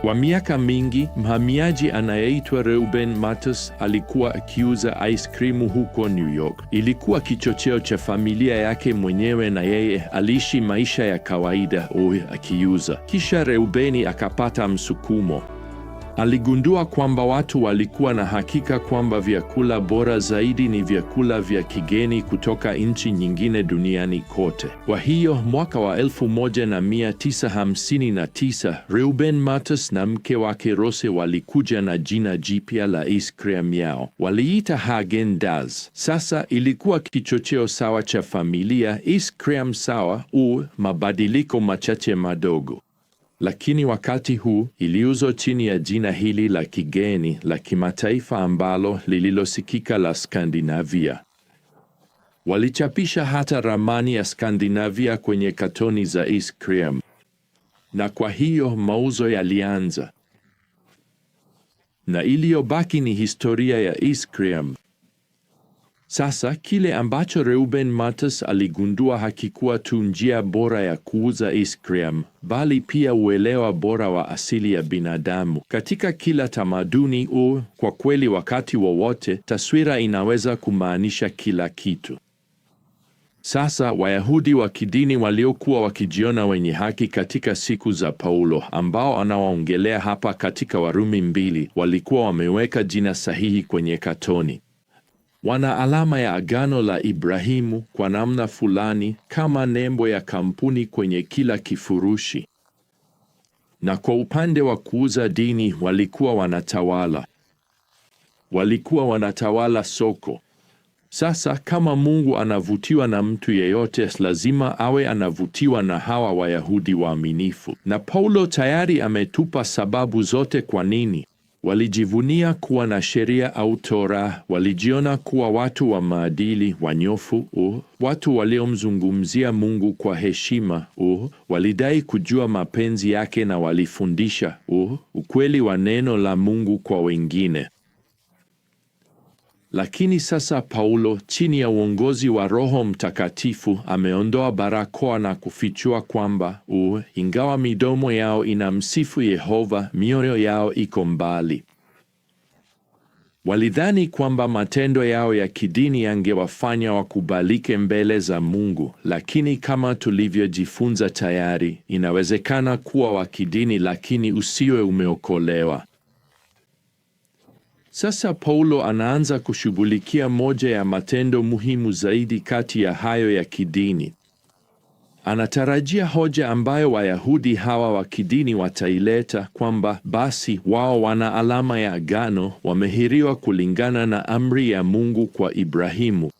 Kwa miaka mingi mhamiaji anayeitwa Reuben Matus alikuwa akiuza ice cream huko New York. Ilikuwa kichocheo cha familia yake mwenyewe, na yeye aliishi maisha ya kawaida oy akiuza. Kisha Reubeni akapata msukumo. Aligundua kwamba watu walikuwa na hakika kwamba vyakula bora zaidi ni vyakula vya kigeni kutoka nchi nyingine duniani kote. Kwa hiyo mwaka wa 1959 Reuben mattus na mke wake Rose walikuja na jina jipya la ice cream yao, waliita Hagen das Sasa ilikuwa kichocheo sawa cha familia, ice cream sawa u mabadiliko machache madogo. Lakini wakati huu iliuzwa chini ya jina hili la kigeni la kimataifa ambalo lililosikika la Skandinavia. Walichapisha hata ramani ya Skandinavia kwenye katoni za Iskrem, na kwa hiyo mauzo yalianza, na iliyobaki ni historia ya Iskrem. Sasa kile ambacho Reuben Mattes aligundua hakikuwa tu njia bora ya kuuza cream, bali pia uelewa bora wa asili ya binadamu. Katika kila tamaduni u, kwa kweli wakati wowote, taswira inaweza kumaanisha kila kitu. Sasa Wayahudi wa kidini waliokuwa wakijiona wenye haki katika siku za Paulo, ambao anawaongelea hapa katika Warumi mbili, walikuwa wameweka jina sahihi kwenye katoni. Wana alama ya agano la Ibrahimu kwa namna fulani, kama nembo ya kampuni kwenye kila kifurushi. Na kwa upande wa kuuza dini, walikuwa wanatawala. Walikuwa wanatawala soko. Sasa kama Mungu anavutiwa na mtu yeyote, lazima awe anavutiwa na hawa Wayahudi waaminifu. Na Paulo tayari ametupa sababu zote kwa nini Walijivunia kuwa na sheria au Tora, walijiona kuwa watu wa maadili, wanyofu u watu waliomzungumzia Mungu kwa heshima u walidai kujua mapenzi yake na walifundisha u ukweli wa neno la Mungu kwa wengine. Lakini sasa Paulo chini ya uongozi wa Roho Mtakatifu ameondoa barakoa na kufichua kwamba u ingawa midomo yao inamsifu Yehova, mioyo yao iko mbali. Walidhani kwamba matendo yao ya kidini yangewafanya wakubalike mbele za Mungu, lakini kama tulivyojifunza tayari, inawezekana kuwa wa kidini lakini usiwe umeokolewa. Sasa Paulo anaanza kushughulikia moja ya matendo muhimu zaidi kati ya hayo ya kidini. Anatarajia hoja ambayo Wayahudi hawa wa kidini wataileta kwamba basi wao wana alama ya agano, wamehiriwa kulingana na amri ya Mungu kwa Ibrahimu.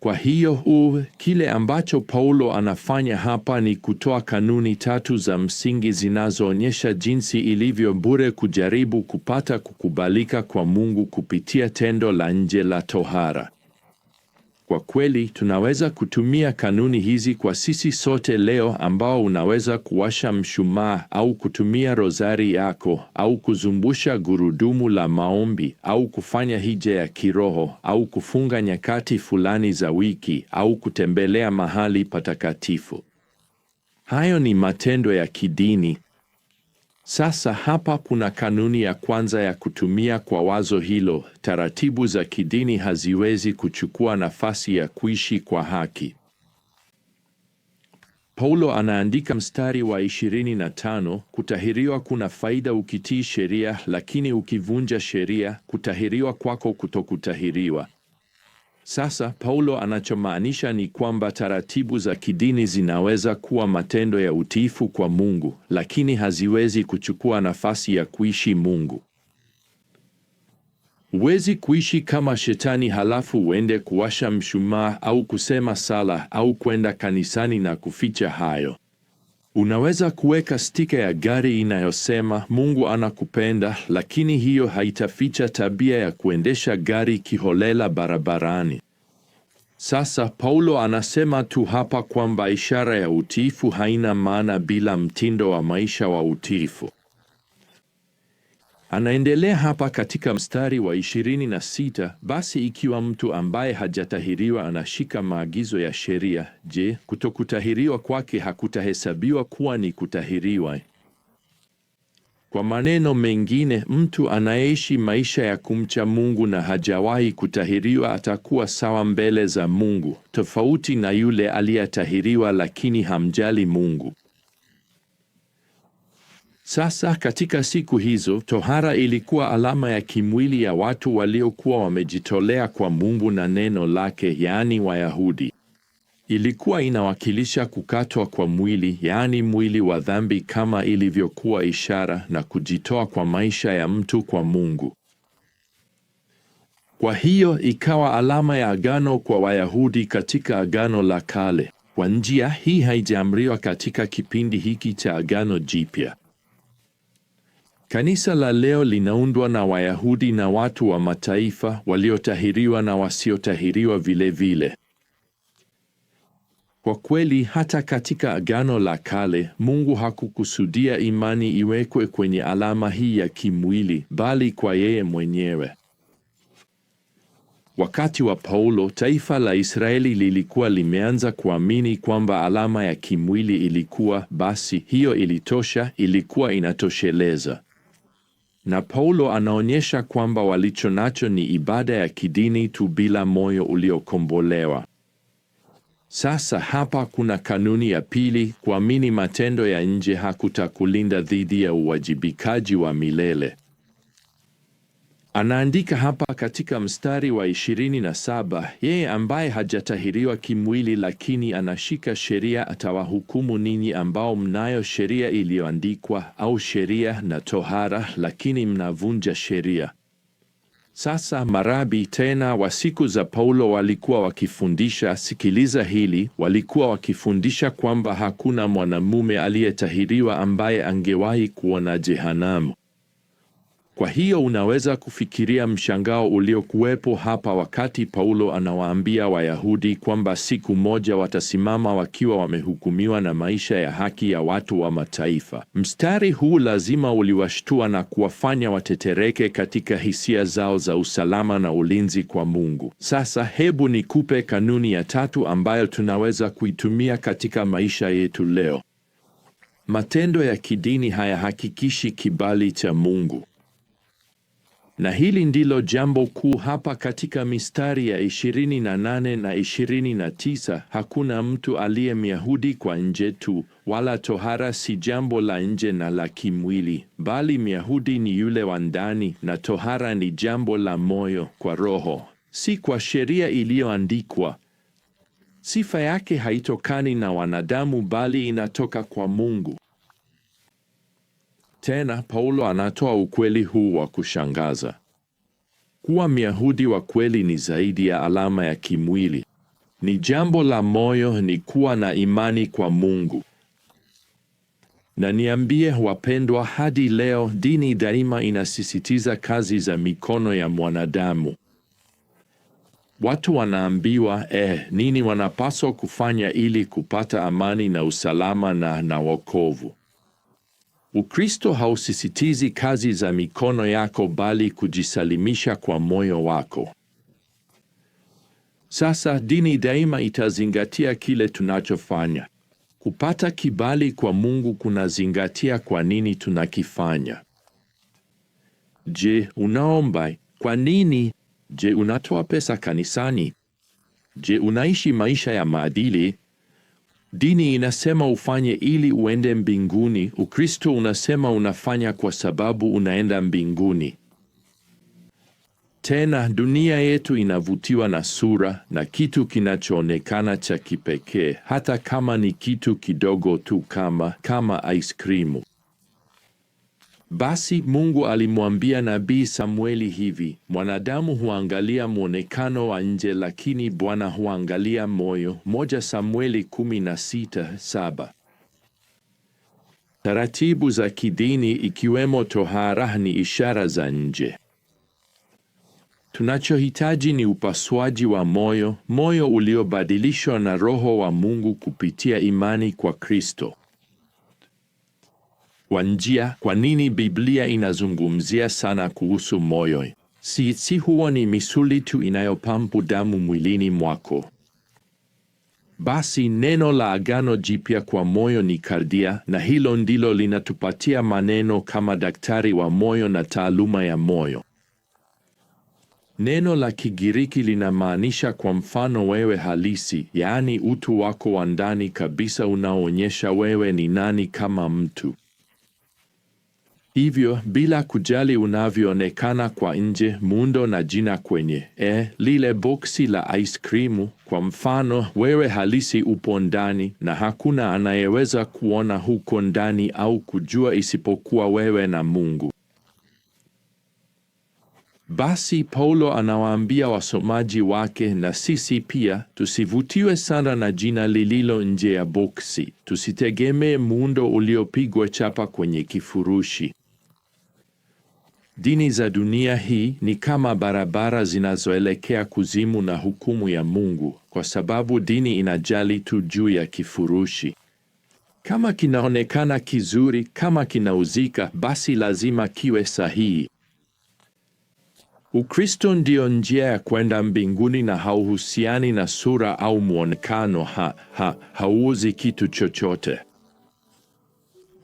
Kwa hiyo huu kile ambacho Paulo anafanya hapa ni kutoa kanuni tatu za msingi zinazoonyesha jinsi ilivyo bure kujaribu kupata kukubalika kwa Mungu kupitia tendo la nje la tohara. Kwa kweli tunaweza kutumia kanuni hizi kwa sisi sote leo, ambao unaweza kuwasha mshumaa au kutumia rozari yako au kuzumbusha gurudumu la maombi au kufanya hija ya kiroho au kufunga nyakati fulani za wiki au kutembelea mahali patakatifu. Hayo ni matendo ya kidini. Sasa hapa kuna kanuni ya kwanza ya kutumia kwa wazo hilo: taratibu za kidini haziwezi kuchukua nafasi ya kuishi kwa haki. Paulo anaandika mstari wa 25, kutahiriwa kuna faida ukitii sheria, lakini ukivunja sheria, kutahiriwa kwako kutokutahiriwa. Sasa Paulo anachomaanisha ni kwamba taratibu za kidini zinaweza kuwa matendo ya utiifu kwa Mungu, lakini haziwezi kuchukua nafasi ya kuishi Mungu. Huwezi kuishi kama shetani halafu uende kuwasha mshumaa au kusema sala au kwenda kanisani na kuficha hayo. Unaweza kuweka stika ya gari inayosema Mungu anakupenda, lakini hiyo haitaficha tabia ya kuendesha gari kiholela barabarani. Sasa Paulo anasema tu hapa kwamba ishara ya utiifu haina maana bila mtindo wa maisha wa utiifu. Anaendelea hapa katika mstari wa 26, basi ikiwa mtu ambaye hajatahiriwa anashika maagizo ya sheria, je, kutokutahiriwa kwake hakutahesabiwa kuwa ni kutahiriwa? Kwa maneno mengine, mtu anayeishi maisha ya kumcha Mungu na hajawahi kutahiriwa atakuwa sawa mbele za Mungu, tofauti na yule aliyetahiriwa lakini hamjali Mungu. Sasa katika siku hizo tohara ilikuwa alama ya kimwili ya watu waliokuwa wamejitolea kwa Mungu na neno lake, yaani Wayahudi. Ilikuwa inawakilisha kukatwa kwa mwili, yaani mwili wa dhambi kama ilivyokuwa ishara, na kujitoa kwa maisha ya mtu kwa Mungu. Kwa hiyo ikawa alama ya agano kwa Wayahudi katika Agano la Kale. Kwa njia hii haijaamriwa katika kipindi hiki cha Agano Jipya. Kanisa la leo linaundwa na Wayahudi na watu wa mataifa waliotahiriwa na wasiotahiriwa vilevile vile. Kwa kweli hata katika Agano la Kale, Mungu hakukusudia imani iwekwe kwenye alama hii ya kimwili, bali kwa yeye mwenyewe. Wakati wa Paulo, taifa la Israeli lilikuwa limeanza kuamini kwamba alama ya kimwili ilikuwa, basi hiyo ilitosha, ilikuwa inatosheleza na Paulo anaonyesha kwamba walicho nacho ni ibada ya kidini tu bila moyo uliokombolewa. Sasa hapa kuna kanuni ya pili: kuamini matendo ya nje hakutakulinda dhidi ya uwajibikaji wa milele. Anaandika hapa katika mstari wa 27, yeye ambaye hajatahiriwa kimwili lakini anashika sheria atawahukumu ninyi ambao mnayo sheria iliyoandikwa au sheria na tohara, lakini mnavunja sheria. Sasa marabi tena wa siku za Paulo walikuwa wakifundisha, sikiliza hili, walikuwa wakifundisha kwamba hakuna mwanamume aliyetahiriwa ambaye angewahi kuona jehanamu. Kwa hiyo unaweza kufikiria mshangao uliokuwepo hapa wakati Paulo anawaambia Wayahudi kwamba siku moja watasimama wakiwa wamehukumiwa na maisha ya haki ya watu wa mataifa. Mstari huu lazima uliwashtua na kuwafanya watetereke katika hisia zao za usalama na ulinzi kwa Mungu. Sasa hebu nikupe kanuni ya tatu ambayo tunaweza kuitumia katika maisha yetu leo. Matendo ya kidini hayahakikishi kibali cha Mungu. Na hili ndilo jambo kuu hapa katika mistari ya 28 na 29: hakuna mtu aliye Myahudi kwa nje tu, wala tohara si jambo la nje na la kimwili, bali Myahudi ni yule wa ndani, na tohara ni jambo la moyo kwa Roho, si kwa sheria iliyoandikwa. Sifa yake haitokani na wanadamu, bali inatoka kwa Mungu. Tena Paulo anatoa ukweli huu wa kushangaza kuwa Myahudi wa kweli ni zaidi ya alama ya kimwili, ni jambo la moyo, ni kuwa na imani kwa Mungu. Na niambie wapendwa, hadi leo dini daima inasisitiza kazi za mikono ya mwanadamu. Watu wanaambiwa eh, nini wanapaswa kufanya ili kupata amani na usalama na na wokovu. Ukristo hausisitizi kazi za mikono yako bali kujisalimisha kwa moyo wako. Sasa dini daima itazingatia kile tunachofanya. Kupata kibali kwa Mungu kunazingatia kwa nini tunakifanya. Je, unaomba? Kwa nini? Je, unatoa pesa kanisani? Je, unaishi maisha ya maadili? Dini inasema ufanye ili uende mbinguni. Ukristo unasema unafanya kwa sababu unaenda mbinguni. Tena dunia yetu inavutiwa na sura na kitu kinachoonekana cha kipekee, hata kama ni kitu kidogo tu, kama kama aiskrimu. Basi Mungu alimwambia nabii Samueli hivi, mwanadamu huangalia mwonekano wa nje, lakini Bwana huangalia moyo. Moja Samueli 16:7. Taratibu za kidini ikiwemo tohara ni ishara za nje. Tunachohitaji ni upasuaji wa moyo, moyo uliobadilishwa na Roho wa Mungu kupitia imani kwa Kristo kwa njia, kwa nini Biblia inazungumzia sana kuhusu moyo? Si, si huo ni misuli tu inayopampu damu mwilini mwako? Basi neno la Agano Jipya kwa moyo ni kardia, na hilo ndilo linatupatia maneno kama daktari wa moyo na taaluma ya moyo. Neno la Kigiriki linamaanisha kwa mfano wewe halisi, yaani utu wako wa ndani kabisa unaoonyesha wewe ni nani kama mtu. Hivyo bila kujali unavyoonekana kwa nje, muundo na jina kwenye e, lile boksi la ice cream kwa mfano, wewe halisi upo ndani na hakuna anayeweza kuona huko ndani au kujua isipokuwa wewe na Mungu. Basi Paulo anawaambia wasomaji wake na sisi pia tusivutiwe sana na jina lililo nje ya boksi, tusitegemee muundo uliopigwa chapa kwenye kifurushi. Dini za dunia hii ni kama barabara zinazoelekea kuzimu na hukumu ya Mungu, kwa sababu dini inajali tu juu ya kifurushi. Kama kinaonekana kizuri, kama kinauzika, basi lazima kiwe sahihi. Ukristo ndio njia ya kwenda mbinguni na hauhusiani na sura au mwonekano. Ha, ha, hauuzi kitu chochote.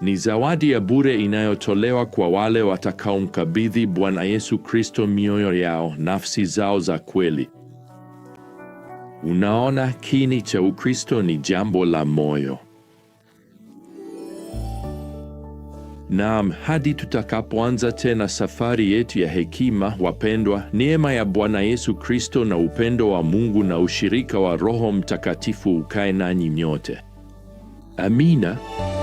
Ni zawadi ya bure inayotolewa kwa wale watakaomkabidhi Bwana Yesu Kristo mioyo yao, nafsi zao za kweli. Unaona, kini cha Ukristo ni jambo la moyo. Naam, hadi tutakapoanza tena safari yetu ya hekima, wapendwa, neema ya Bwana Yesu Kristo na upendo wa Mungu na ushirika wa Roho Mtakatifu ukae nanyi nyote. Amina.